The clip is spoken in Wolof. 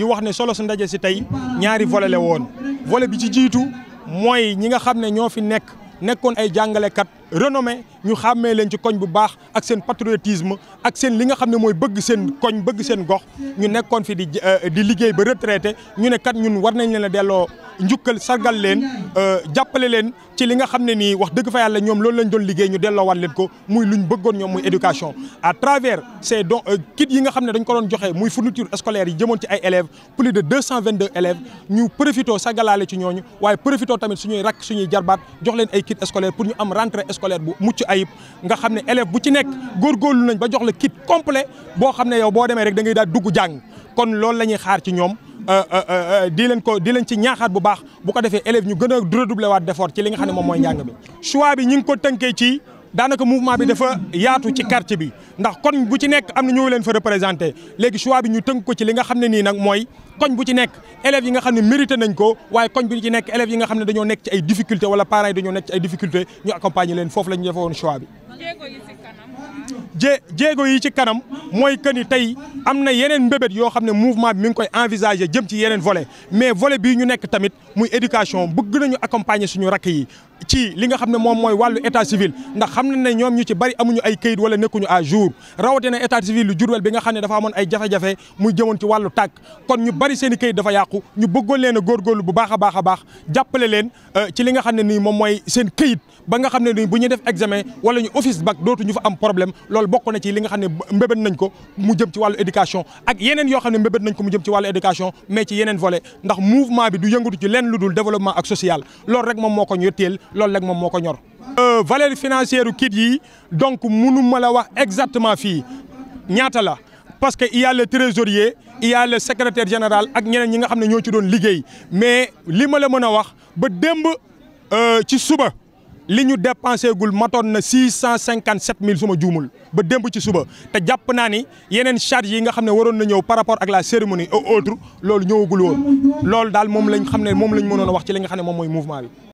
di wax ne solo su ndaje si tey ñaari volet la woon volet bi ci jiitu mooy ñi nga xam ne ñoo fi nekk nekkoon ay jàngalekat. renommé ñu xàmmee leen ci koñ bu baax ak seen patriotisme ak seen li nga xam ne mooy bëgg seen koñ bëgg seen gox ñu nekkoon fi di euh, di liggéey ba retraité ñu ne kat ñun war nañ leen a delloo njukkal sargal leen euh, jàppale leen ci li nga xam ne nii wax dëgg fa yàlla ñoom loolu lañ doon liggéey ñu delloo war leen ko muy luñ bëggoon ñoom muy éducation à travers ces dons euh, kit yi nga xam ne dañ ko doon joxe muy fourniture scolaire yi jëmoon ci ay élèves plus de deux cent vingt deux élèves ñu profitoo sargalaale ci ñooñu waaye profitoo tamit suñuy rakk jox leen ay kit scolaire scolaire bu mucc ayib nga xam ne élève bu ci nekk góorgóorlu nañ ba jox la kit complet boo xam ne yow boo demee rek da ngay daal dugg jàng kon lool la ñuy xaar ci ñoom euh, euh, euh, di leen ko di leen ci ñaaxaat bu baax bu ko defee élève ñu gën a redoubler waat d'effort ci li nga xam ne moom mooy njàng bi choix bi ko tënkee ci daanaka mouvement bi dafa yaatu ci quartier bi ndax koñ bu ci nekk am na ñoo leen fa représenté léegi choix bi ñu tënk ko ci li nga xam ne nii nag mooy koñ bu ci nekk élèves yi nga xam ne mérité nañ ko waaye koñ bu ci nekk élèves yi nga xam ne dañoo nekk ci ay difficulté wala parents yi dañoo nekk ci ay difficulté ñu accompagner leen foofu la ñu defoon choix bi. jé jéego yi ci kanam mooy que ni tey am na yeneen mbébét yoo xam ne mouvement bi mi ngi koy envisager jëm ci yeneen vole mais volet bii ñu nekk tamit muy éducation bëgg nañu accompagner suñu rakk yi ci li nga xam ne moom mooy wàllu état civil ndax xam nañ ne ñoom ñu ci bari amuñu ay kayit wala nekkuñu à jour rawatina état civil bi nga xam ne dafa amoon ay jafe-jafe muy ci wàllu tàkk kon ñu bari seen i kayit dafa yàqu ñu bëggoon leen a góorgóorlu bu a baax a baax leen euh, ci li nga xam ne nii moom mooy seen kayit ba nga xam ne nii bu ñu def examen wala ñu office bac dootu ñu fa am problème loolu bokk ci li nga xam ne mbébét nañ ko mu jëm ci wàllu éducation ak yeneen yoo xam ne mbébét nañ ko mu jëm ci wàllu éducation mais ci yeneen volet ndax mouvement bi du yëngatu ci lenn lu dul développement ak social loolu rek moom moo ko ñu teel loolu rek moom moo ko ñor. Euh, valeur financière u kit yi donc munu ma la wax exactement fii ñaata la parce que il y a le trésorier il général ak ñeneen ñi nga xam ne ñoo ci doon liggéey mais li ma la mën a wax ba démb euh, ci suba. li ñu dépensé gul matoon na six cent cinquante sept mille su ma juumul ba démb ci suba te jàpp naa ni yeneen charge yi nga xam ne waroon na ñëw par rapport ak la cérémonie et autres loolu ñëwagul woon loolu daal moom lañ xam ne moom lañ mënoon a wax ci li nga xam ne moom mooy mouvement